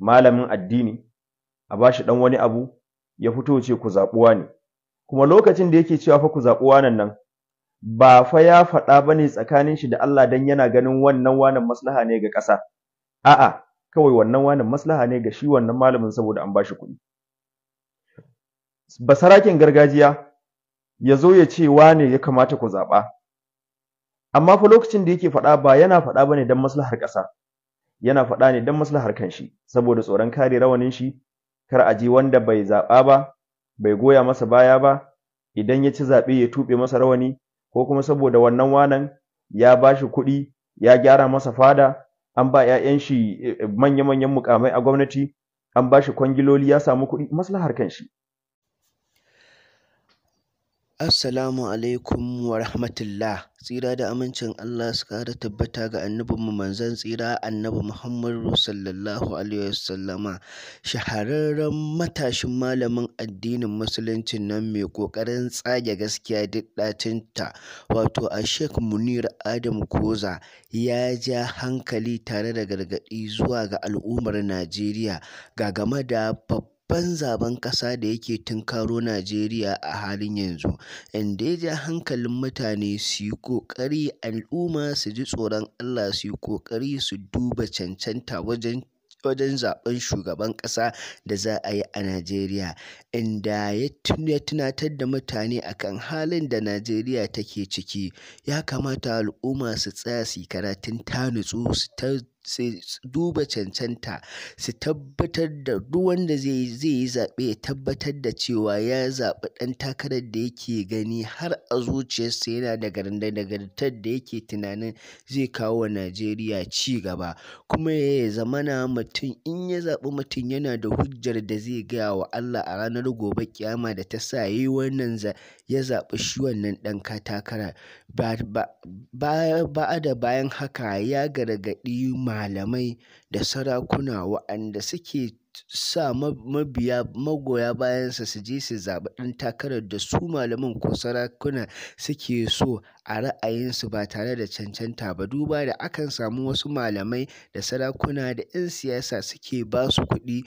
malamin addini a ba shi ɗan wani abu ya fito ce ku zaɓuwa ne kuma lokacin da yake cewa fa ku zaɓuwa nan nan ba fa ya faɗa ba ne tsakanin shi da Allah dan yana ganin wannan wanan maslaha ne ga ƙasa a'a kawai wannan wanan maslaha ne ga shi wannan malamin saboda an ba shi kuɗi Ba sarakin gargajiya ya zo ya ce wane ya kamata ku zaɓa amma fa lokacin da yake faɗa ba yana faɗa ba ne don maslahar ƙasa yana faɗa ne don maslahar kanshi saboda tsoron kare rawanin shi kar a ji wanda bai zaɓa ba bai goya masa baya ba idan ya ci zaɓe ya tuɓe masa rawani ko kuma saboda wannan wanan ya ba shi kuɗi ya gyara masa fada an ba 'ya'yan shi eh, eh, manya-manyan mukamai a gwamnati an ba shi kwangiloli ya samu kuɗi maslahar kanshi Assalamu alaikum wa rahmatullah. Tsira da amincin Allah su kara tabbata ga annabinmu manzon tsira annabi Muhammadu sallallahu alaihi wasallama shahararren matashin malamin addinin musulunci nan mai kokarin tsage gaskiya duk ɗacinta wato a Sheikh Munir Adam Koza ya ja hankali tare da gargaɗi zuwa ga al'ummar Najeriya ga game da babban babban zaben ƙasa da yake tunkaro Najeriya a halin yanzu, inda ya ja hankalin mutane su yi ƙoƙari al'umma su ji tsoron Allah su yi ƙoƙari su duba cancanta wajen wajen zaɓen shugaban ƙasa da za a yi a Najeriya, inda ya tunatar da mutane a kan halin da Najeriya take ciki, ya kamata al'umma su tsaya su yi karatun ta nutsu su sai duba cancanta su tabbatar da duk wanda zai yi zaɓe ya tabbatar da cewa ya zaɓi ɗan takarar da yake gani har a zuciyarsa yana da garin da yake tunanin zai kawo wa Najeriya ci gaba kuma ya zamana mutum in ya zaɓi mutum yana da hujjar da zai gaya wa Allah a ranar gobe ƙiyama da ta sa ya yi wannan ya zaɓi shi wannan ɗan katakara ba da bayan haka ya gargaɗi malamai da sarakuna waɗanda suke sa mabiya magoya bayansa su je su zaɓi ɗan takarar da su malaman ko sarakuna suke so a ra'ayinsu ba tare da cancanta ba duba da akan samu wasu malamai da sarakuna da 'yan siyasa suke ba su kuɗi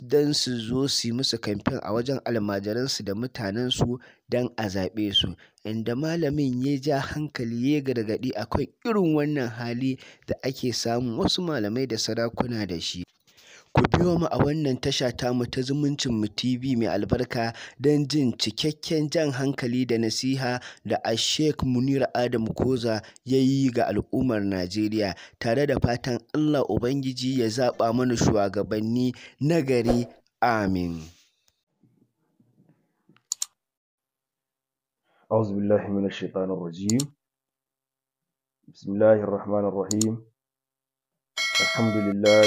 don su zo su yi musu kamfen a wajen almajiransu da mutanensu don a zaɓe su inda malamin ya ja hankali ya gargaɗi akwai irin wannan hali da ake samun wasu malamai da sarakuna da shi Ku biyo mu a wannan tasha mu ta zumuncin mu TV mai albarka don jin cikakken jan hankali da nasiha da Ashek Munir Adam Koza ya yi ga al'ummar Najeriya tare da fatan Allah Ubangiji ya zaɓa mana shugabanni nagari. Amin. أعوذ بالله من الشيطان الرجيم بسم الله الرحمن الرحيم الحمد لله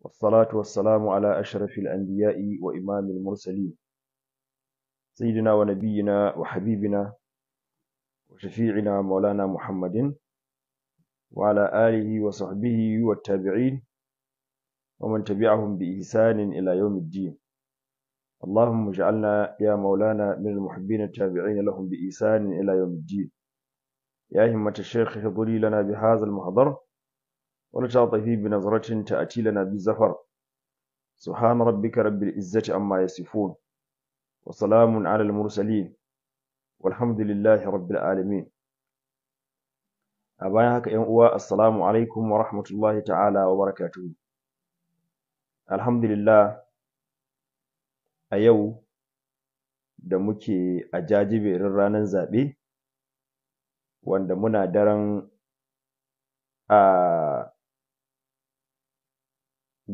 والصلاة والسلام على أشرف الأنبياء وإمام المرسلين سيدنا ونبينا وحبيبنا وشفيعنا مولانا محمد وعلى آله وصحبه والتابعين ومن تبعهم بإحسان إلى يوم الدين اللهم اجعلنا يا مولانا من المحبين التابعين لهم بإحسان إلى يوم الدين يا همة الشيخ اهضري لنا بهذا المحضر wani ta tafi bi nazaratin ta atila na bi zafar su hana rabbi ka rabbi izzaci amma ya sifo wa salamun alal mursali walhamdulillahi rabbi alami a bayan haka yan uwa assalamu alaikum wa rahmatullahi ta'ala wa barakatu alhamdulillah a yau da muke a jajiberin ranar zaɓe wanda muna daren a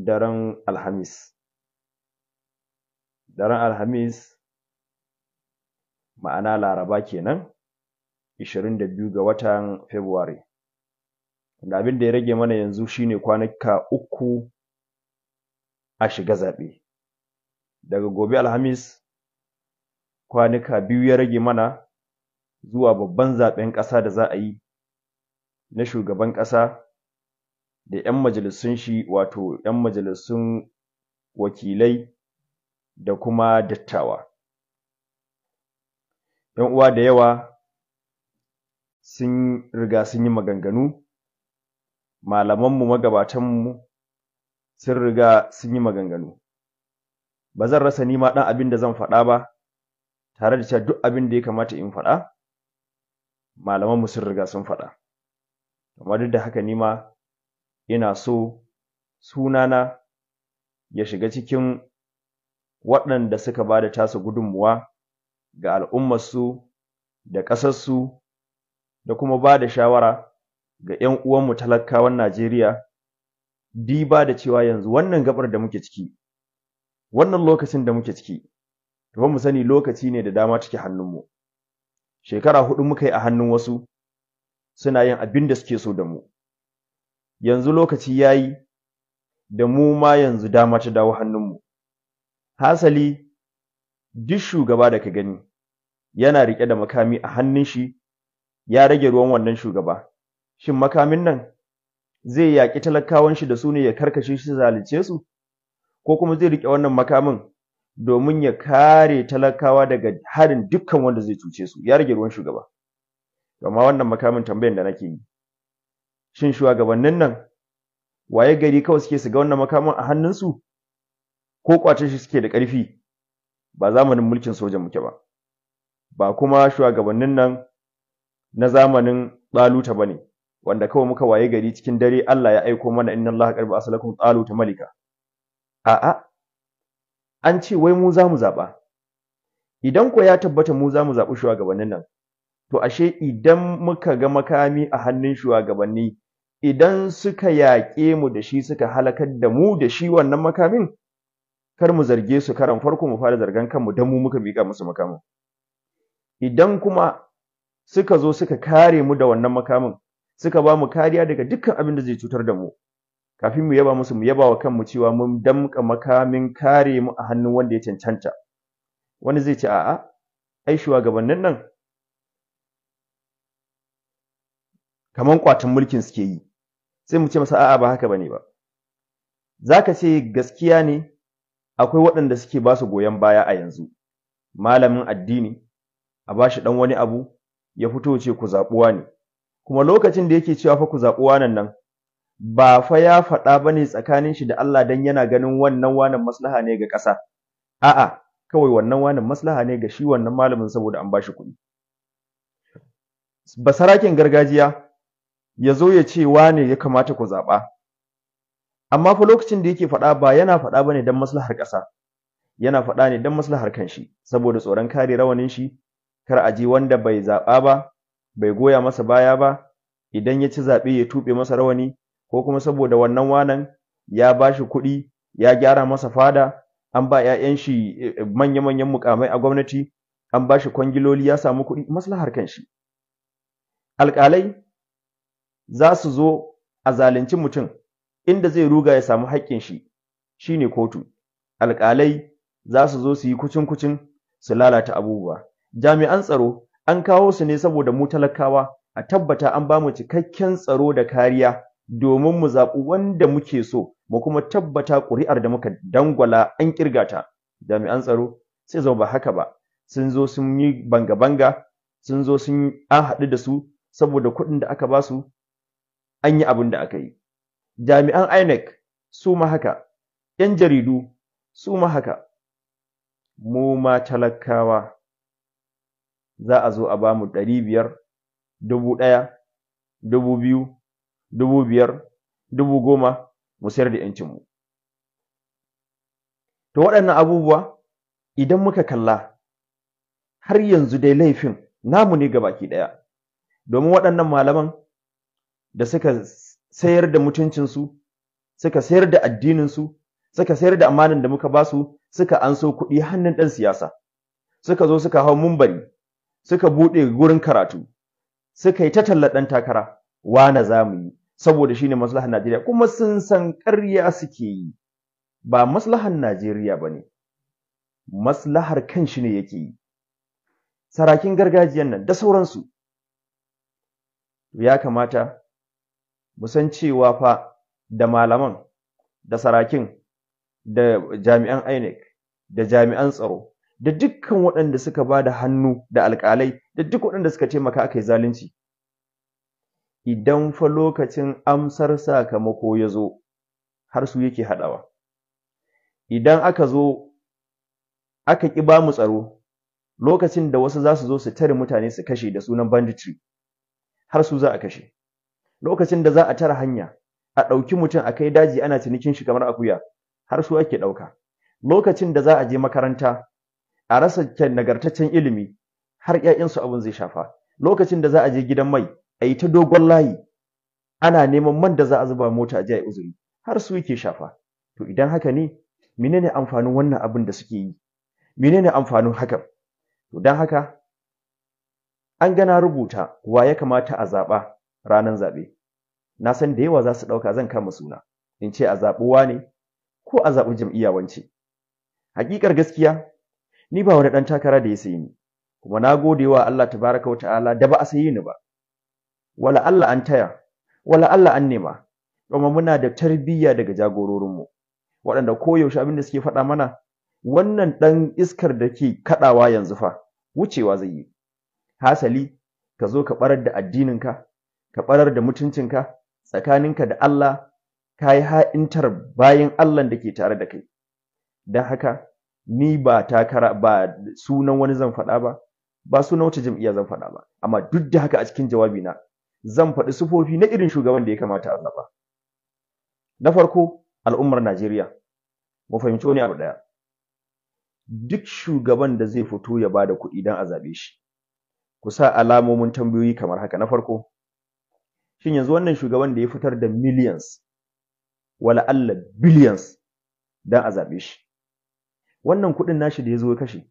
daren alhamis daren alhamis ma'ana laraba kenan ishirin da biyu ga watan february da abin da ya rage mana yanzu shine kwanuka uku a shiga zaɓe daga gobe alhamis kwanuka biyu ya rage mana zuwa babban zaɓen ƙasa da za a yi na shugaban ƙasa da 'yan majalisun shi wato ƴan majalisun wakilai da kuma dattawa ƴan uwa da yawa sun riga sun yi maganganu malamanmu magabatanmu sun riga sun yi maganganu ba zan rasa ni ma ɗan abin da zan faɗa ba tare da cewa duk abin da ya kamata in faɗa malamanmu sun riga sun faɗa amma duk da haka nima ina so sunana ya shiga cikin waɗanda suka ba da tasa gudunmuwa ga al'ummarsu da ƙasarsu da kuma ba da shawara ga ‘yan uwanmu talakawan Najeriya, diba da cewa yanzu wannan gabar da muke ciki, wannan lokacin da muke ciki, tuwa mu sani lokaci ne da dama cike hannunmu. Shekara huɗu muka yi a hannun wasu, suna yin abin da suke so da mu. yanzu lokaci ya yi da mu ma yanzu dama ta dawo hannunmu. Hasali, duk shugaba da ka gani yana riƙe da makami a hannun shi ya rage ruwan wannan shugaba. Shin makamin nan zai yaƙi talakawan shi da su ne ya karkashe shi zalunce su? Ko kuma zai riƙe wannan makamin domin ya kare talakawa daga harin dukkan wanda zai cuce su, ya rage ruwan shugaba. Gama wannan makamin tambayan da nake yi. shin shugabannin nan waye gari kawai suke su ga wannan makaman a hannunsu ko kwace shi suke da ƙarfi ba zamanin mulkin sojan muke ba ba kuma shugabannin nan na zamanin ɗaluta ba ne wanda kawai muka waye gari cikin dare Allah ya aiko mana inna Allah qarba asalakum ɗaluta malika a'a an ce wai mu za mu zaɓa idan ko ya tabbata mu za mu zaɓi shugabannin nan to ashe idan muka ga makami a hannun shugabanni idan suka yaƙe mu da shi suka halakar da mu da shi wannan makamin kar mu zarge su karan farko mu fara zargan kanmu dan mu muka miƙa musu makamin idan kuma suka zo suka kare mu da wannan makamin suka ba mu kariya daga dukkan abin da zai cutar da mu kafin mu yaba musu mu yaba wa kanmu cewa mun damƙa makamin kare mu a hannun wanda ya cancanta wani zai ce a'a ai shugabannin nan Kamar kwatan mulkin suke yi sai mu ce masa a'a ba haka bane ba zaka ce gaskiya ne akwai waɗanda suke ba su goyon baya a yanzu malamin addini a ba shi dan wani abu ya fito ce ku zaɓuwa ne kuma lokacin da yake cewa fa ku zaɓuwa nan nan ba fa ya faɗa ba ne tsakanin shi da Allah dan yana ganin wannan wanan maslaha ne ga ƙasa a'a kawai wannan wanan maslaha ne ga shi wannan malamin saboda an ba shi kuɗi basarakin gargajiya ya zo ya ce wa ne ya kamata ku zaɓa amma fa lokacin da yake faɗa ba yana faɗa ne don maslahar ƙasa yana faɗa ne don maslahar kanshi saboda tsoron kare rawanin shi kar a je wanda bai zaɓa ba bai goya masa baya ba idan ya ci zaɓe ya tuɓe masa rawani ko kuma saboda wannan wanan ya ba shi kuɗi ya gyara masa fada an ba 'ya'yan shi eh, manya-manyan mukamai a gwamnati an ba shi kwangiloli ya samu kuɗi maslahar kanshi alƙalai za su zo a zalunci mutum inda zai ruga ya samu haƙƙin shi shine kotu alƙalai za su zo su yi kucin kucin su lalata abubuwa jami'an tsaro an kawo su ne saboda mu talakawa a tabbata an bamu cikakken tsaro da kariya domin mu zaɓi wanda muke so mu kuma tabbata ƙuri'ar da muka dangwala an ƙirga ta jami'an tsaro sai zama ba haka ba sun zo sun yi banga-banga sun zo sun an haɗu da su saboda kuɗin da aka ba su an yi abin da aka yi jami'an INEC su ma haka ‘yan jaridu su ma haka mu ma talakawa za a zo a ba mu ɗari biyar dubu ɗaya dubu biyu dubu biyar dubu goma mu sayar da ‘yancinmu to waɗannan abubuwa idan muka kalla har yanzu dai laifin namu ne ga baki ɗaya domin waɗannan malaman da suka sayar da mutuncinsu suka sayar da addininsu suka sayar da amanin da muka basu suka anso kuɗi hannun ɗan siyasa suka zo suka hau mumbari suka buɗe gurin karatu suka yi ta talla ɗan takara wane za mu yi saboda shi ne maslahar Najeriya kuma sun san ƙarya suke yi ba maslahar Najeriya ba ne maslahar kan shi ne yake yi sarakin gargajiyan nan da sauransu ya kamata mu cewa fa da malaman da sarakin da jami'an INEC da jami'an tsaro da dukkan waɗanda suka ba da hannu da alƙalai da duk waɗanda suka taimaka aka yi zalunci idan fa lokacin amsar sakamako ya zo har su yake haɗawa idan aka zo aka ƙi ba mu tsaro lokacin da wasu za su zo su tare mutane su kashe da sunan banditry har su za a kashe lokacin da za a tara hanya a ɗauki mutum a kai daji ana cinikin shi kamar akuya har su ake ɗauka lokacin da za a je makaranta a rasa nagartaccen ilimi har ƴaƴansu abin zai shafa lokacin da za a je gidan mai a yi ta dogon layi ana neman man da za a zuba mota a je a uzuri har su yake shafa to idan haka ne menene amfanin wannan abin da suke yi menene amfanin hakan to dan haka an gana rubuta wa ya kamata a zaɓa ranar zaɓe na san da yawa za su ɗauka zan kama suna in ce a zaɓuwa ne ko a zaɓi jam'iyya wance hakikar gaskiya ni ba wani ɗan takara da ya sayi ni kuma na gode wa Allah baraka wa ta'ala da ba a sayi ni ba wala Allah an taya wala Allah an nema kuma muna da tarbiyya daga jagororinmu waɗanda koyaushe abin da suke faɗa mana wannan ɗan iskar da ke kaɗawa yanzu fa wucewa zai yi hasali ka zo ka ɓarar da addininka ka ɓarar da mutuncinka tsakaninka da Allah ka yi ha'intar bayan Allah da ke tare da kai don haka ni ba takara ba sunan wani zan faɗa ba ba sunan wata jam'iyya zan faɗa ba amma duk da haka a cikin jawabi na zan faɗi sufofi na irin shugaban da ya kamata a zaba na farko al'ummar Najeriya mu fahimci wani abu ɗaya. duk shugaban da zai fito ya bada kuɗi don a zaɓe shi ku sa alamomin tambayoyi kamar haka na farko shin yanzu wannan shugaban da ya fitar da millions wala Allah billions dan a zabe shi wannan kuɗin nashi da yazo ya kashe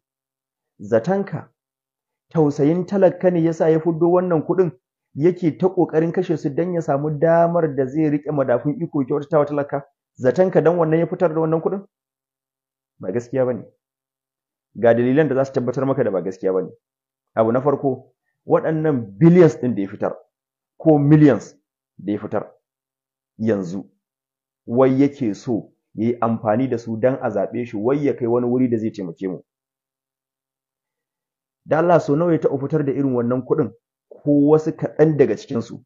zatanka tausayin talakka ne yasa ya fuddo wannan kudin yake ta kokarin kashe su dan ya samu damar da zai rike madafun iko kyautatawa talaka zatanka dan wannan ya fitar da wannan kuɗin? ba gaskiya bane ga dalilan da za su tabbatar maka da ba gaskiya bane abu na farko waɗannan billions ɗin da ya fitar ko millions da ya fitar yanzu wai yake so ya yi amfani da su dan a zaɓe shi wai ya kai wani wuri da zai taimake mu da Allah so nawa ya taɓa fitar da irin wannan kuɗin ko wasu kaɗan daga cikinsu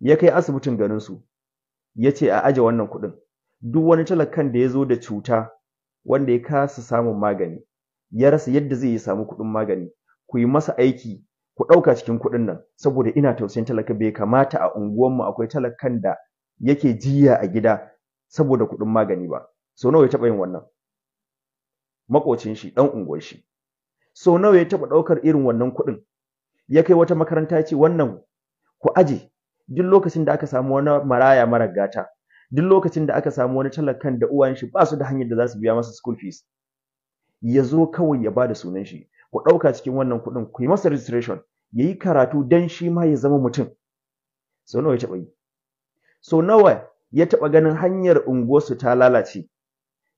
ya kai asibitin ganinsu, ya ce a aje wannan kuɗin duk wani talakan da ya zo da cuta wanda ya kasa samun magani ya rasa yadda zai yi samu kuɗin magani ku yi masa aiki ku ɗauka cikin kuɗin nan saboda ina tausayin talaka bai kamata a unguwanmu akwai talakan da yake jiya a gida saboda kuɗin magani ba so nawa ya taɓa yin wannan makocin shi ɗan unguwar shi so nawa ya taɓa ɗaukar irin wannan kuɗin ya kai wata makaranta ce wannan ku aje duk lokacin da aka samu wani maraya mara gata duk lokacin da aka samu wani talakan da uwayen shi ba su da hanyar da za su biya masa school fees ya zo kawai ya bada sunan shi ku ɗauka cikin wannan kuɗin ku yi masa registration ya yi karatu don shi ma ya zama mutum sau nawa ya taɓa yi so nawa ya taɓa ganin hanyar unguwarsu ta lalace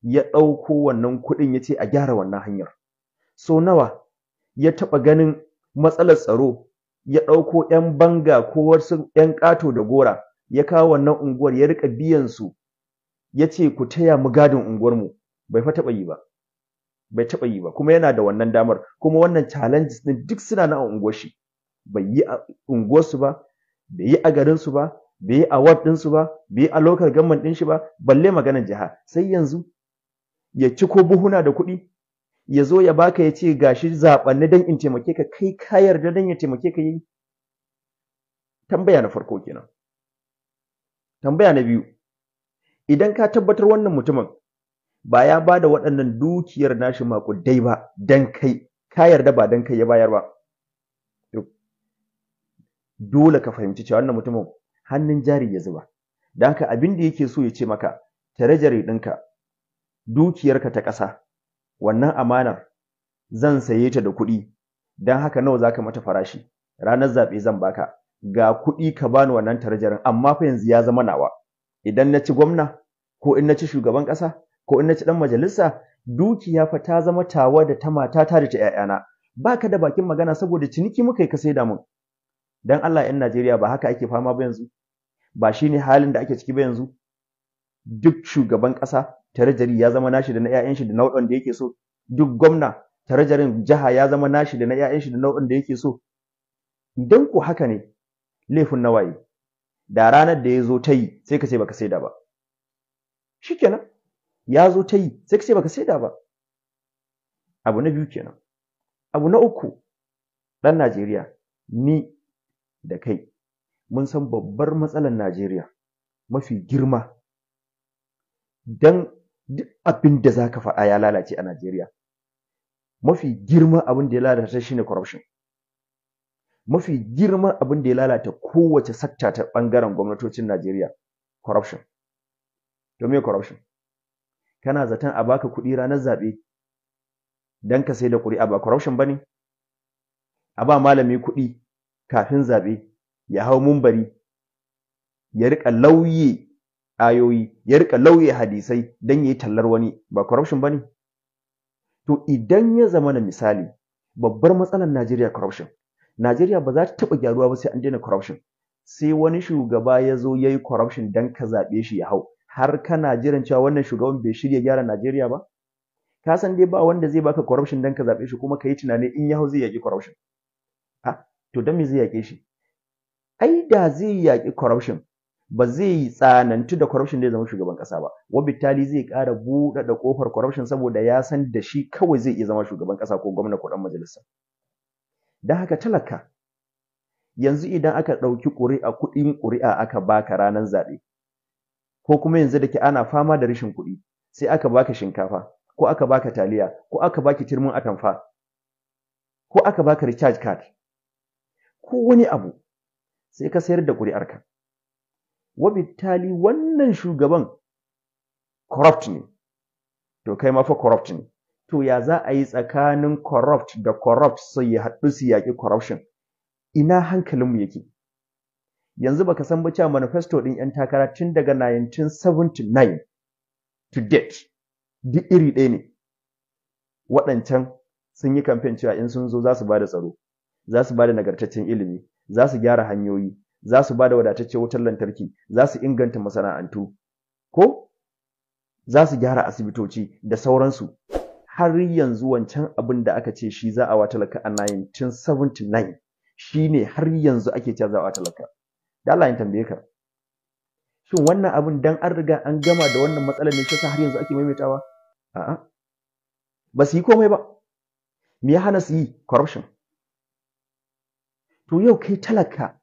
ya ɗauko wannan kuɗin ya ce a gyara wannan hanyar so nawa ya taɓa ganin matsalar tsaro ya ɗauko 'yan banga ko wasu 'yan ƙato da gora ya kawo wannan unguwar ya riƙa biyan su ya ce ku taya mu gadin unguwar mu, bai fa taɓa yi ba bai taɓa yi ba kuma yana da wannan damar kuma wannan challenges din duk suna na unguwar shi bai yi a unguwar ba bai yi a garinsu su ba bai yi a ward din su ba bai yi a local government din shi ba balle maganar jiha sai yanzu ya ci ko buhuna da kuɗi ya zo ya baka ya ce gashi zabanni don in taimake ka kai ka yarda don ya taimake ka yi tambaya na farko kenan tambaya na biyu idan ka tabbatar wannan mutumin ba ya bada waɗannan dukiyar nashi maƙudai ba don kai ka yarda ba don kai ya bayar ba dole ka fahimci cewa wannan mutumin hannun jari ya zuba da ka abin da yake so ya ce maka tare jari ɗinka dukiyarka ta ƙasa wannan amanar zan saye ta da kuɗi don haka nawa zaka mata farashi ranar zaɓe zan baka ga kuɗi ka bani wannan jarin, amma fa yanzu ya zama nawa idan na ci gwamna ko in na ci shugaban ƙasa ko in na ci ɗan majalisa dukiya fa ta zama tawa da ta matata da ta ‘ya'yana ba ka da bakin magana saboda ciniki muka yi ka saida mun dan Allah ‘yan Najeriya ba haka ake fama ba yanzu ba shi ne halin da ake ciki ba yanzu duk shugaban ƙasa tarajari ya zama nashi da na ‘ya'yan shi da na waɗanda yake so duk gwamna tarajarin jiha ya zama nashi da na ‘ya'yan shi da na waɗanda yake so idan ku haka ne laifin nawaye da ranar da ya zo ta yi sai ka ce baka saida ba shikenan ya zo ta yi sai ce baka saida ba abu na biyu kenan abu na uku ɗan Najeriya ni da kai mun san babbar matsalar Najeriya mafi girma don duk abin da za ka faɗa ya lalace a Najeriya mafi girma abin da ya lalata shine corruption mafi girman abin da ya lalata kowace sakta ta ɓangaren gwamnatocin Najeriya corruption to me corruption kana zaton a baka kuɗi ranar zaɓe don ka sai da ƙuri'a ba corruption ba ne a ba malami kuɗi kafin zaɓe ya hau mumbari ya riƙa lauye ayoyi ya riƙa lauye hadisai don ya yi tallar wani ba corruption ba ne to idan ya zama na misali babbar matsalar Najeriya corruption Najeriya ba za ta taɓa gyaruwa ba sai an daina corruption sai wani shugaba ya zo ya yi corruption don ka zaɓe shi ya hau har kana jiran cewa wannan shugaban bai shirya gyara Najeriya ba ka san dai ba wanda zai baka corruption dan ka zabe shi kuma kai tunani in ya zai yaki corruption ha to dan me zai yake shi ai da zai yaki corruption ba zai tsanantu da corruption zai zama shugaban kasa ba wabittali zai ƙara buɗaɗa ƙofar corruption saboda ya san da shi kawai zai iya zama shugaban kasa ko gwamna ko dan majalisa dan haka talaka yanzu idan aka ɗauki ƙuri'a kuɗin ƙuri'a aka baka ranar zaɓe ko kuma yanzu da ke ana fama da rashin kuɗi sai aka baka shinkafa ko aka baka taliya ko aka baki turmin atamfa ko aka baka recharge card ko wani abu sai ka sayar da ƙuri'arka wabittali wannan shugaban corrupt ne to kai ma fa corrupt ne to ya za a yi tsakanin corrupt da corrupt sai ya haɗu su yaƙi corruption ina hankalinmu yake yanzu baka san ba cewa manifesto din yan takara tun daga 1979 to date duk iri ɗaya ne waɗancan sun yi kamfen cewa in sun zo za su bada tsaro za su bada nagartaccen ilimi za su gyara hanyoyi za su bada wadataccen wutar lantarki za su inganta masana'antu ko za su gyara asibitoci da sauransu har yanzu wancan abin da aka ce shi za a wa talaka a 1979 shi ne har yanzu ake cewa za a wata talaka da Allah ya tambaye ka shin wannan abin dan an riga an gama da wannan matsalar ne shi har yanzu ake maimaitawa a'a ba su yi komai ba me ya hana su yi corruption to yau kai talaka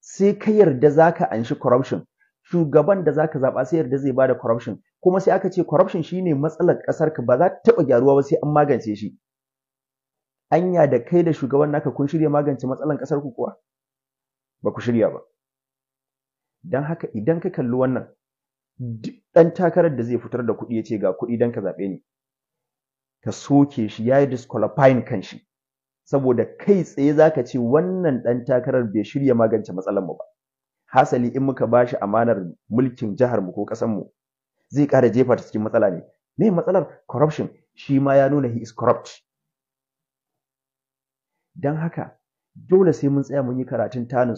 sai ka yarda zaka anshi corruption shugaban da zaka zaba sai yarda zai bada corruption kuma sai aka ce corruption shine matsalar kasar ka ba za ta taba gyaruwa ba sai an magance shi anya da kai da shugaban naka kun shirya magance matsalar kasar ku kuwa ba ku shirya ba don haka idan ka kalli wannan dan ɗan takarar da zai fitar da kuɗi ya ce ga kuɗi dan ka zaɓe ni ka soke shi ya yi disqualifying kan shi saboda kai tsaye zaka ce wannan ɗan takarar bai shirya magance matsalar mu ba hasali in muka ba shi amanar mulkin jihar mu ko ƙasar mu zai ƙara jefa ta cikin matsala ne me matsalar corruption shi ma ya nuna he is corrupt don haka dole sai mun tsaya mun yi karatun ta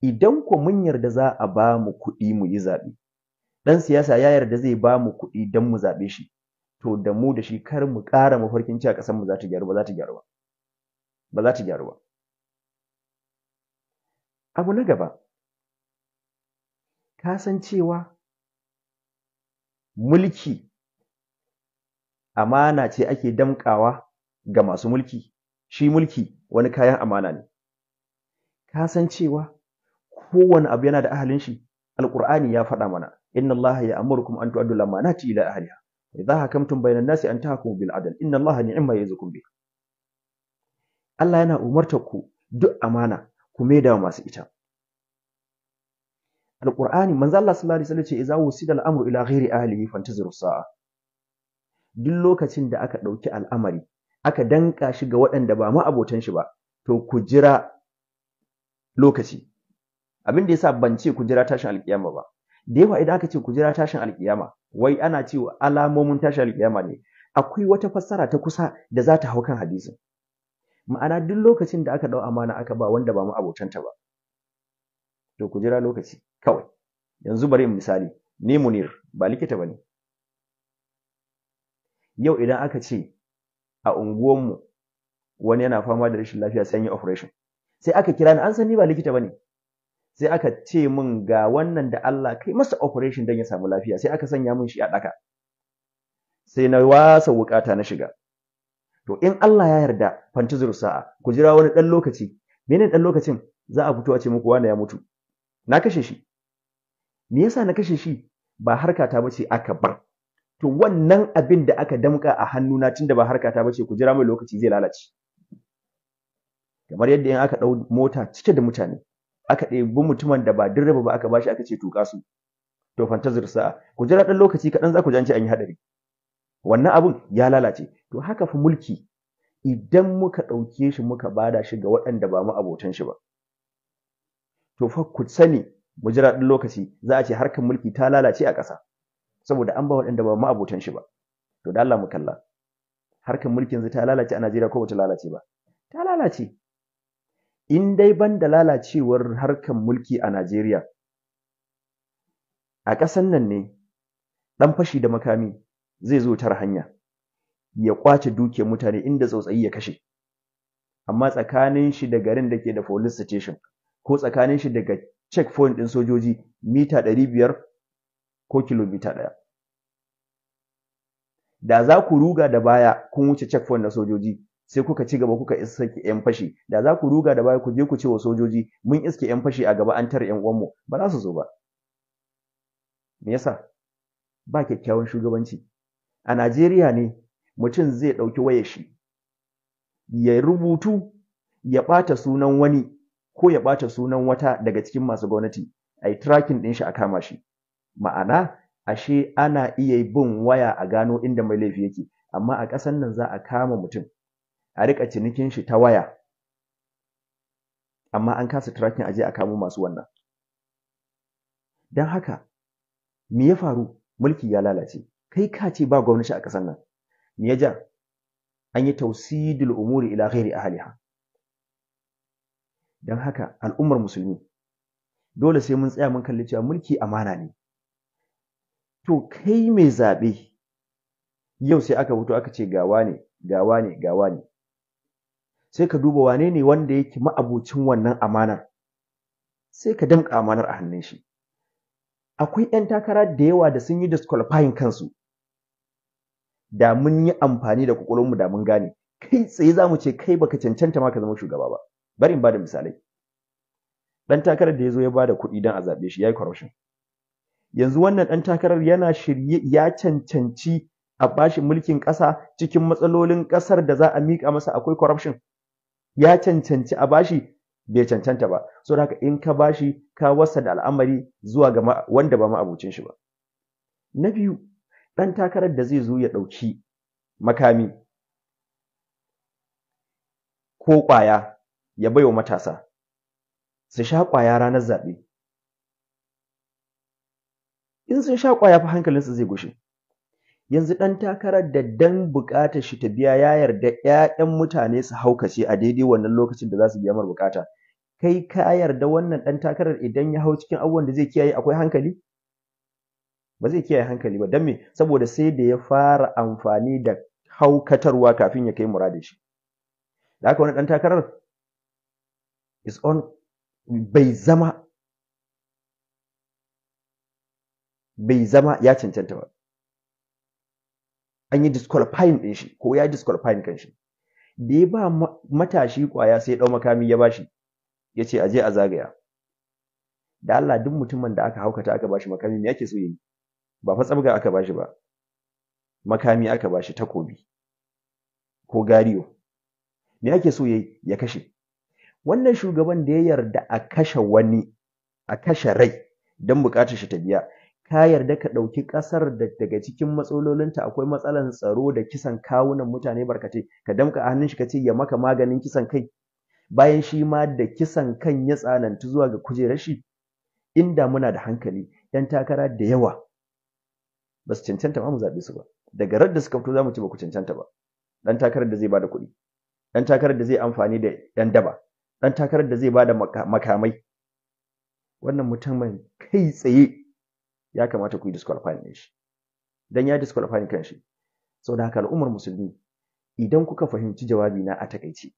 idan ko mun yarda za a ba mu kuɗi mu yi zaɓe ɗan siyasa ya yarda zai ba mu kuɗi don mu zaɓe shi to da mu da shi kar mu ƙara mafarkin cewa ƙasar mu za ta gyaru ba za ta gyaru ba ba za ta gyaru ba abu na gaba ka san cewa mulki amana ce ake damƙawa ga masu mulki shi mulki wani kayan amana ne ka san cewa kowane abu yana da ahalin shi Alƙur'ani ya faɗa mana inna allaha kuma an tu'addu al-amanati ila ahliha idza hakamtum bayna nasi an tahkumu bil adl inna allaha ni'ma yazukum bi Allah yana umartar ku duk amana ku maida masu ita alƙurani manzo Allah sallallahu alaihi wasallam ce idza wusida al-amru ila ghairi ahlihi fantaziru sa'a duk lokacin da aka ɗauki al'amari aka danka shi ga waɗanda ba ma'abotan shi ba to ku jira lokaci abin da sa ban ce ku jira tashin alkiyama ba da yawa idan aka ce ku jira tashin alkiyama wai ana cewa alamomin tashin alkiyama ne akwai wata fassara ta kusa da za ta hau kan hadisin ma'ana duk lokacin da aka ɗau amana aka ba wanda ba ma'abotanta ba to ku jira lokaci kawai yanzu bari in misali ni munir ba likita ba ne. yau idan aka ce a unguwanmu wani yana fama da rashin lafiya sai an yi operation sai aka kira ni an san ni ba likita bane sai aka ce min ga wannan da Allah kai masa operation don ya samu lafiya sai aka sanya min shi a ɗaka sai na wasa wukata na shiga to in Allah ya yarda fanti sa'a ku jira wani dan lokaci menene dan lokacin za a fito a ce muku wani ya mutu na kashe shi me yasa na kashe shi ba harka ta bace aka bar to wannan abin da aka damka a hannuna da ba harkata ba ce ku jira mai lokaci zai lalace kamar yadda in aka ɗau mota cike da mutane aka ɗebi mutumin da ba direba ba aka bashi aka ce tuka su to fantazir sa'a ku jira ɗan lokaci kaɗan za ku ji an yi haɗari wannan abun ya lalace to haka fa mulki idan muka ɗauke shi muka bada shi ga waɗanda ba mu abotan shi ba to fa ku sani mu jira ɗan lokaci za a ce harkar mulki ta lalace a ƙasa saboda an ba waɗanda ba ma'abotan shi ba to da Allah mu kalla harkan mulkin zai ta lalace a Najeriya ko bata lalace ba ta lalace in dai ban da lalacewar harkan mulki a Najeriya a ƙasan nan ne ɗan fashi da makami zai zo tar hanya ya kwace duke mutane inda tsotsayi ya kashe amma tsakanin shi da garin da ke da police station ko tsakanin shi daga checkpoint ɗin sojoji mita ɗari biyar ko kilomita ɗaya da za ku ruga da baya kun wuce checkpoint na sojoji sai kuka ci gaba kuka isa yan fashi da za ku ruga da baya ku je ku ce wa sojoji mun iske yan fashi a gaba an tare yan uwanmu ba za su zo ba me yasa ba kyakkyawan shugabanci a Najeriya ne mutum zai ɗauki wayar shi ya rubutu ya ɓata sunan wani ko ya ɓata sunan wata daga cikin masu gwamnati a yi tracking ɗin shi a kama shi ma'ana ashe ana iya bin waya a gano inda mai laifi yake amma a ƙasan nan za a kama mutum a riƙa cinikin shi ta waya amma an kasa tracking aje a kamo masu wannan don haka me ya faru mulki ya lalace kai ka ce ba gwamnati a ƙasan nan me ya ja an yi tausidul umuri ila ghairi ahliha don haka al'ummar musulmi dole sai mun tsaya mun kalli cewa mulki amana ne to kai mai zaɓe yau sai aka fito aka ce gawa ne, gawa ne, gawa ne. sai ka duba wane ne wanda yake ma'abocin wannan amanar sai ka damƙa amanar a hannun shi akwai 'yan takara da yawa da sun yi disqualifying kansu da mun yi amfani da mu da mun gane kai tsaye za mu ce kai baka cancanta ma ka zama shugaba ba bari in bada misalai Ɗan takarar da ya zo ya ba da kuɗi don a zaɓe shi ya yi corruption yanzu wannan ɗan takarar yana shirye ya cancanci a bashi mulkin ƙasa cikin matsalolin ƙasar da za a miƙa masa akwai corruption ya cancanci a bashi bai cancanta ba so haka in ka bashi ka wasa da al'amari zuwa ga wanda ba ma'abucin shi ba na biyu ɗan takarar da zai zo ya ɗauki makami ko ƙwaya ya baiwa matasa su sha ƙwaya ranar zaɓe in sun sha ƙwaya fa su zai gushe yanzu ɗan takarar da dan bukata shi ta biya ya yarda ƴaƴan mutane su haukace a daidai wannan lokacin da za su biya mar bukata kai ka yarda wannan ɗan takarar idan ya hau cikin abubuwan da zai kiyaye akwai hankali ba zai kiyaye hankali ba don me saboda sai da ya fara amfani da haukatarwa kafin ya kai muradin shi da haka wani ɗan takarar is on bai zama bai zama ya cancanta ba an yi disqualifying din shi ko ya yi disqualifying kan shi da ya ba matashi kwaya sai ɗau makami ya bashi ya ce aje a zagaya da Allah duk mutumin da aka haukata aka bashi makami me yake so yi ba fa tsabga aka bashi ba makami aka bashi takobi ko gariyo me yake so yi ya kashe wannan shugaban da ya yarda a kashe wani a kashe rai don bukatar shi ta biya ka yarda ka ɗauki ƙasar da daga cikin matsalolinta akwai matsalan tsaro da kisan kawunan mutane barkate ka damka a hannun shi ka ce ya maka maganin kisan kai bayan shi ma da kisan kan ya tsanantu zuwa ga kujerar shi inda muna da hankali yan takara da yawa ba su cancanta ba mu zaɓe su ba daga rar da suka fito za mu ci ba ku cancanta ba ɗan takarar da zai bada kuɗi ɗan takarar da zai amfani da ɗan daba ɗan takarar da zai bada makamai wannan mutumin kai tsaye ya kamata ku yi disqualifying din shi dan ya disqualifying kanshi saboda haka al'ummar musulmi idan kuka fahimci jawabi na a takaice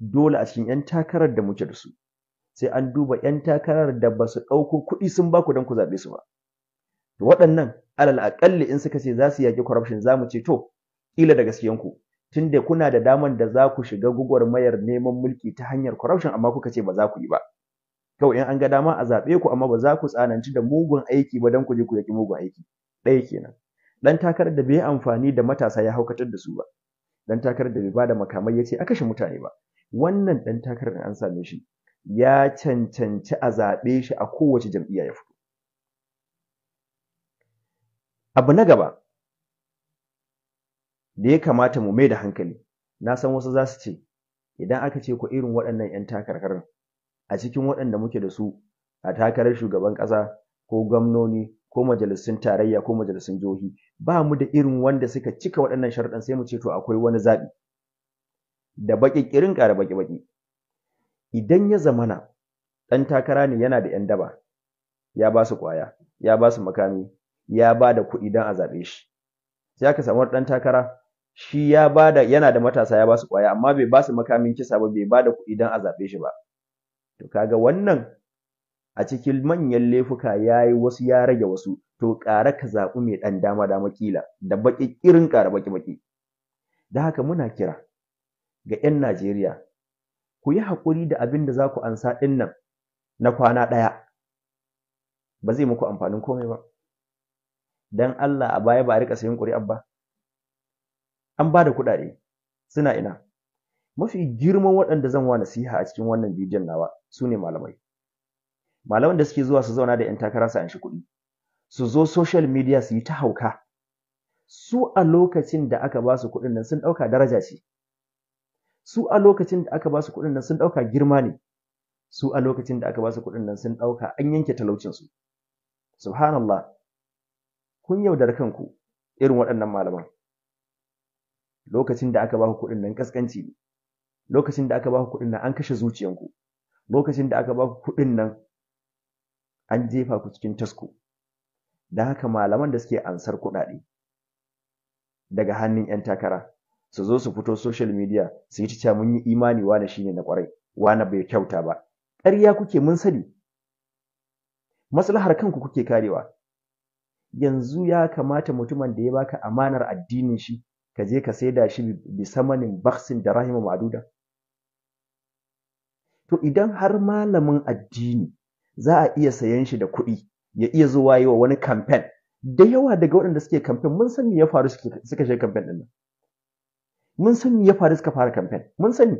dole a cikin yan takarar da muke da su sai an duba yan takarar da ba su ɗauko kuɗi sun ba ku dan ku zaɓe su ba to waɗannan alal aqalli in suka ce za su yaƙi corruption za mu ce to ƙila da ku tunda kuna da daman da za ku shiga mayar neman mulki ta hanyar corruption amma kuka ce ba za ku yi ba kawai in an ga dama a zaɓe ku amma ba za ku tsananci da mugun aiki ba don ku je ku yaki mugun aiki ɗaya kenan dan takarar da bai yi amfani da matasa ya haukatar da su ba dan takarar da bai bada makamai ya ce a kashe mutane ba wannan dan takarar an same shi ya cancanci a zaɓe shi a kowace jam'iyya ya fito abu na gaba da ya kamata mu mai da hankali na san wasu za su ce idan aka ce ku irin waɗannan 'yan takarar. a cikin waɗanda muke da su a takarar shugaban ƙasa ko gwamnoni ko majalisun tarayya ko majalisun jihohi ba mu da irin wanda suka cika waɗannan sharuɗan sai mu ce to akwai wani zaɓi da baƙiƙirin ƙara baƙi-baƙi idan ya zamana ɗan takara ne yana da ‘yan daba ya ba su ƙwaya ya ba su makami ya ba da kuɗi don a zaɓe shi sai aka samu ɗan takara shi ya ba da yana da matasa ya ba su ƙwaya amma bai ba su makamin kisa ba bai ba da kuɗi don a zaɓe shi ba to kaga wannan a cikin manyan laifuka yayi wasu ya rage wasu to ƙara ka zaɓi mai ɗan dama dama kila da baƙi irin ƙara baƙi baƙi da haka muna kira ga 'yan Najeriya ku yi haƙuri da abin da za ku ansa ɗinnan na kwana ɗaya ba zai muku amfanin komai ba dan Allah a baya ba a riƙa sayan ƙuri'ar ba an ba kuɗaɗe suna ina mafi girman waɗanda zan wa nasiha a cikin wannan bidiyon nawa su ne malamai malaman da suke zuwa su zauna da 'yan takara su anshi kuɗi su zo social media su yi ta hauka su a lokacin da aka ba su kuɗin nan sun ɗauka daraja ce su a lokacin da aka ba su kuɗin nan sun ɗauka girma ne su a lokacin da aka ba su kuɗin nan sun ɗauka an yanke talaucinsu subhanallah kun yaudar kanku irin waɗannan malaman lokacin da aka ba ku kuɗin nan kaskanci ne lokacin da aka ba ku kuɗin nan an kashe zuciyanku lokacin da aka ba ku kuɗin nan an jefa ku cikin tasko da haka malaman da suke ansar kuɗaɗe daga hannun 'yan takara su zo su fito social media su yi cewa mun yi imani wane shine na ƙwarai, wane bai kyauta ba ƙarya kuke mun sani maslahar kanku kuke karewa yanzu ya kamata mutumin da ya baka amanar addinin shi ka je ka saida shi bi samanin baksin da rahima ma'aduda To idan har malamin addini za a iya sayan shi da kuɗi ya iya zuwa yi wa wani kamfen da yawa daga waɗanda suke kamfen mun san ya faru suka shiga kamfen ɗin Mun san ya faru suka fara kamfen mun sani.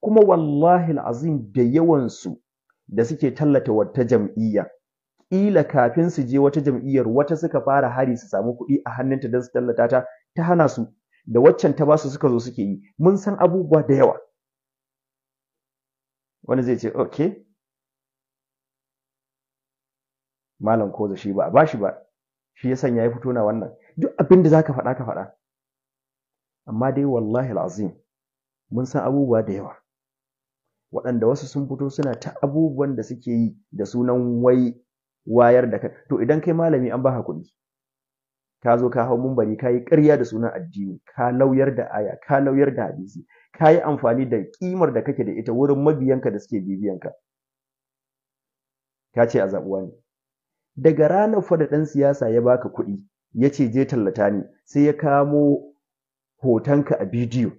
Kuma wallahi azim da yawansu da suke tallata wata jam'iyya ƙila kafin su je wata jam'iyyar wata suka fara hari su samu kuɗi a hannunta don su tallata ta ta hana su da waccan ta basu suka zo suke yi mun san abubuwa da yawa wani zai ce ok malam koza shi ba a bashi ba shi ya sanya ya fito na wannan duk abin da ka faɗa ka faɗa amma dai wallahi alazim mun san abubuwa da yawa waɗanda wasu sun fito suna ta abubuwan da suke yi da sunan wai wayar da kai to idan kai malami an baka kuɗi ka zo ka hau mumbari ka yi ƙarya da sunan addini ka lauyar da aya ka lauyar da hadisi ka yi amfani da ƙimar da kake da ita wurin mabiyanka da suke bibiyanka ka ce a zaɓuwa ne daga ranar fa ɗan siyasa ya baka kuɗi ya ce je tallata ni sai ya kamo hotonka a bidiyo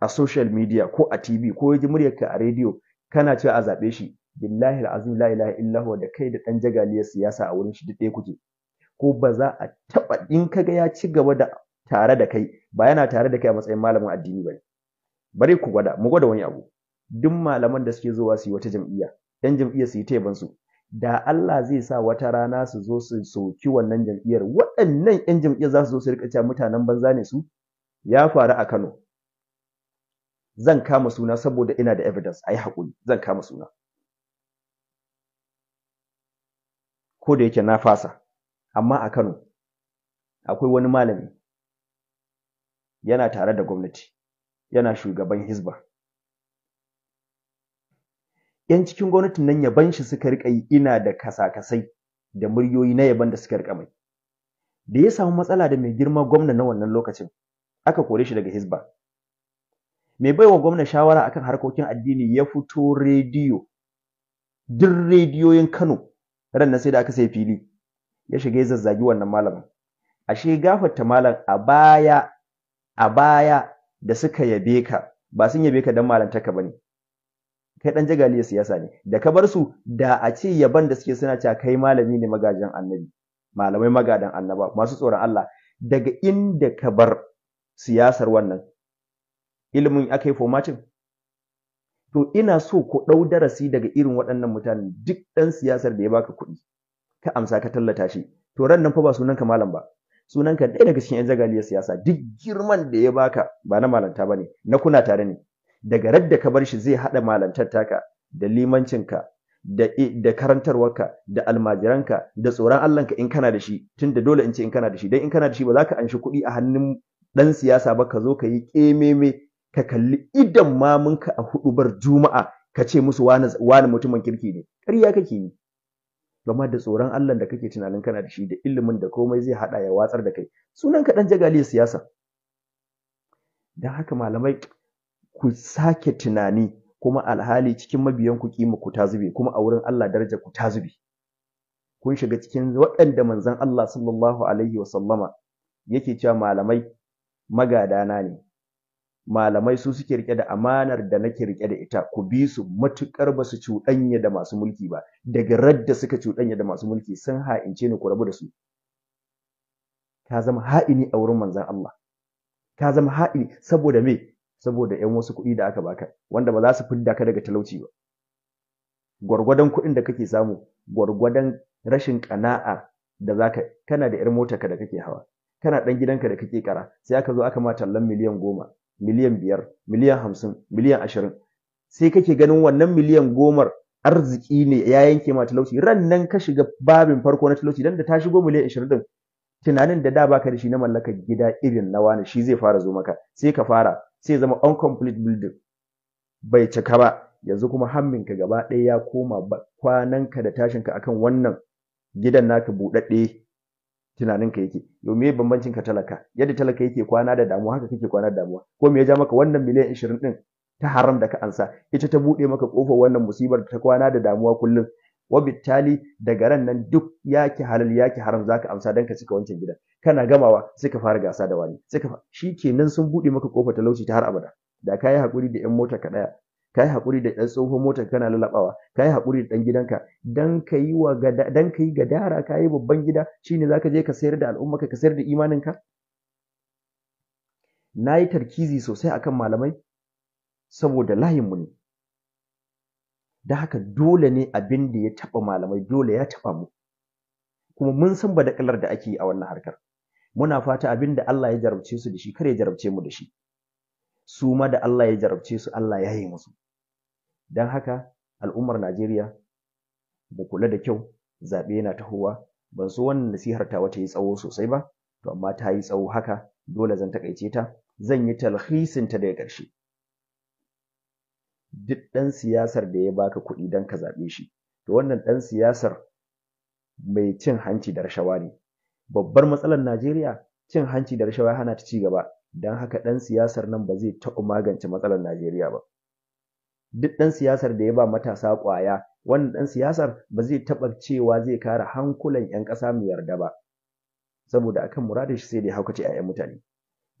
a social media ko a tv ko ya ji muryarka a rediyo kana cewa a zaɓe shi billahi alazim la ilaha da kai da ɗan jagaliyar siyasa a wurin shi duk ɗaya kuke ko ba za a taɓa in kaga ya ci gaba da tare da kai ba yana tare da kai a matsayin malamin addini ba ne Bare ku gwada mu gwada wani abu duk malaman da suke zuwa su yi wata jam'iyya yan jam'iyyar su yi ta su da Allah zai sa wata rana su zo su soki wannan jam'iyyar waɗannan yan jam'iyyar za su zo su rika cewa mutanen banza ne su ya faru a Kano zan kama suna saboda ina da evidence ayi hakuri zan kama suna ko da yake na fasa amma a Kano akwai wani malami yana tare da gwamnati yana shugaban Hizba. ‘Yan cikin gwamnatin nan yaban shi suka riƙa yi ina da kasakasai da muryoyi na yaban da suka riƙa mai. Da ya samu matsala da mai girma gwamna na wannan lokacin, aka kore shi daga Hizba. Mai baiwa gwamna shawara akan harkokin addini ya fito rediyo, duk rediyoyin Kano, ran na sai da aka sai fili, ya shiga ya zazzagi wannan malamin. Ashe gafarta malam a baya, a baya da suka yabe ka ba sun yabe ka dan malantarka bane kai dan jagali siyasa ne da ka bar su da a ce yaban da suke suna cewa kai malami ne magajin annabi malamai magadan annaba masu tsoron Allah daga inda ka bar siyasar wannan ilimin aka yi fomacin to ina so ku ɗau darasi daga irin waɗannan mutanen duk ɗan siyasar da ya baka kuɗi ka amsa ka tallata shi to ran nan fa ba sunan ka malam ba sunanka ɗaya daga cikin 'yan zagaliyar siyasa duk girman da ya baka ba na malanta ba ne na kuna tare ne daga radda ka bar shi zai haɗa malantar taka da ka, da, da karantarwarka da almajiranka da tsoron ka in kana da shi tunda dole in ce in kana da shi dan in kana da shi ba za ka anshi kuɗi a hannun ɗan siyasa ba ka zo ka yi ƙememe ka kalli idan ka a bar juma'a ka ce musu wani mutumin kirki ne ƙarya kake yi game da tsoron Allah da kake tunanin kana da shi da ilimin da komai zai hada ya watsar da kai sunan ka dan jagali siyasa dan haka malamai ku sake tunani kuma alhali cikin mabiyan ku kima ku ta zube kuma a wurin Allah daraja ku ta kun shiga cikin waɗanda manzon Allah sallallahu alaihi wa yake cewa malamai magadana ne malamai su suke rike da amanar da nake rike da ita ku bi su matukar ba su cuɗanya da masu mulki ba daga radda suka cuɗanya da masu mulki sun ha'ince ni ku rabu da su ka zama ha'ini a wurin manzon Allah ka zama ha'ini saboda me saboda 'yan wasu kuɗi da aka baka wanda ba za su fidda ka daga talauci ba gwargwadon kuɗin da kake samu gwargwadon rashin ƙana'a da zaka kana da 'yar motarka da kake hawa kana ɗan gidanka da kake kara sai aka zo aka ma tallan miliyan goma miliyan biyar miliyan hamsin miliyan ashirin sai kake ganin wannan miliyan gomar arziki ne ya yanke ma talauci ran nan ka shiga babin farko na talauci dan da ta shigo miliyan ashirin din tunanin da da baka da shi na mallaka gida irin na wani shi zai fara zo maka sai ka fara sai zama uncomplete building bai cika ba yanzu kuma ka gaba ɗaya ya koma Kwanan ka da tashin ka akan wannan gidan naka buɗaɗɗe tunanin ka yake yau me bambancin ka talaka yadda talaka yake kwana da damuwa haka kake kwana da damuwa ko me ya ja maka wannan miliyan 20 din ta haram da ka ansa ita ta bude maka kofar wannan musibar ta kwana da damuwa kullum wabittali daga ran nan duk yaki halal yaki haram zaka amsa dan ka cika wancan gidan kana gamawa sai ka fara gasa da wani sai ka shikenan sun bude maka kofar talauci ta har abada da kayi hakuri da yan mota ka daya kai haƙuri da ɗan tsohon motar kana lalabawa kai haƙuri da ɗan gidanka dan ka yi wa gadara ka yi babban gida shine ka je ka sayar da al'umma ka sayar da imaninka na yi tarkizi sosai akan malamai saboda mu ne da haka dole ne abin da ya taɓa malamai dole ya taɓa mu kuma mun san ba da ake yi a wannan harkar muna fata abin da Allah ya jarabce su da shi kar jarabce mu da shi su ma da Allah ya jarabce su Allah ya yi musu don haka al'ummar najeriya mu kula da kyau zaɓe yana tahowa ban so wannan nasihar ta wata yi tsawo sosai ba to amma ta yi tsawo haka dole zan takaice ta zan yi talhisin ta daga ƙarshe duk ɗan siyasar da ya baka kuɗi don ka zaɓe shi to wannan ɗan siyasar mai cin hanci da rashawa ne babbar matsalar najeriya cin hanci da rashawa hana ta ci gaba don haka ɗan siyasar nan ba zai taɓa magance matsalar najeriya ba duk ɗan siyasar da ya ba matasa ƙwaya wannan ɗan siyasar ba zai taɓa cewa zai kare hankulan 'yan ƙasa mu yarda ba saboda akan muradin shi sai da ya a 'ya'yan mutane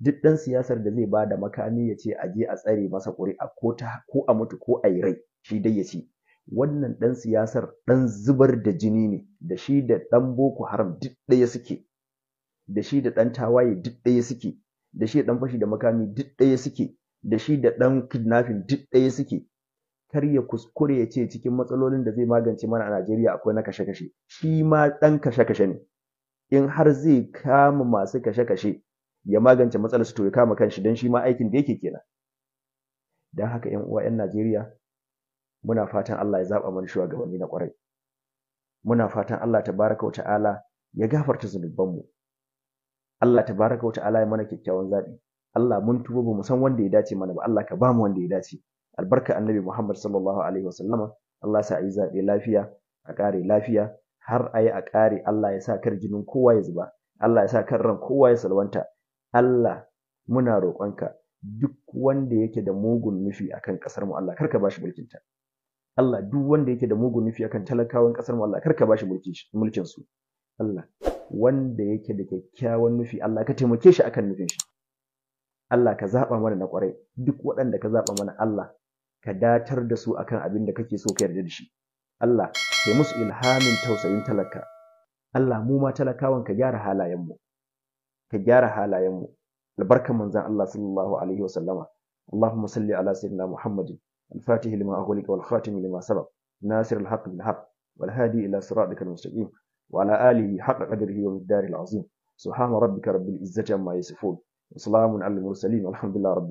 duk ɗan siyasar da zai ba da makami ya ce a je a tsare masa ƙuri'a ko ta ko a mutu ko a yi rai shi dai ya ce wannan ɗan siyasar ɗan zubar da jini ne da shi da ɗan boko haram duk ɗaya suke da shi da ɗan tawaye duk ɗaya suke da shi da ɗan fashi da makami duk ɗaya suke da shi da ɗan kidnapping duk ɗaya suke kar ya kuskure ya ce cikin matsalolin da zai magance mana a Najeriya akwai na kashe-kashe shi ma ɗan kashe-kashe ne in har zai kama masu kashe-kashe ya magance matsalar su to ya kama kanshi don shi ma aikin da yake kenan don haka yan uwa yan Najeriya muna fatan Allah ya zaba mana shugabanni na ƙwarai. muna fatan Allah Ta baraka wa ta'ala ya gafarta zunubanmu Allah Ta baraka wa ta'ala ya mana kyakkyawan zaɓi Allah mun tuba ba mu san wanda ya dace mana ba Allah ka ba mu wanda ya dace albarka annabi Muhammad sallallahu alaihi wasallama Allah sa ayi zabe lafiya a kare lafiya har ayi a kare Allah ya sa kar jinin kowa ya zuba Allah ya sa kar ran kowa ya salwanta Allah muna roƙonka duk wanda yake da mugun nufi akan kasar mu Allah karka bashi mulkin ta Allah duk wanda yake da mugun nufi akan talakawan kasar mu Allah karka bashi mulkin su Allah wanda yake da kyakkyawan nufi Allah ka taimake shi akan nufin shi Allah ka zaɓa mana na ƙwarai duk waɗanda ka zaɓa mana Allah ka datar da su akan abin da kake so ka yarda da shi Allah kai musu ilhamin tausayin talaka Allah mu ma talakawan ka gyara halayenmu ka gyara halayenmu albarkan manzon Allah sallallahu alaihi wa sallama Allahumma salli ala sayyidina Muhammadin al-fatih lima aghliqa wal khatim lima sabaq nasir al-haq bil haq wal hadi ila siratikal mustaqim wa ala alihi haqqa qadrihi wa miqdarihi al-azim subhana rabbika rabbil izzati amma yasifun وسلام على المرسلين والحمد لله رب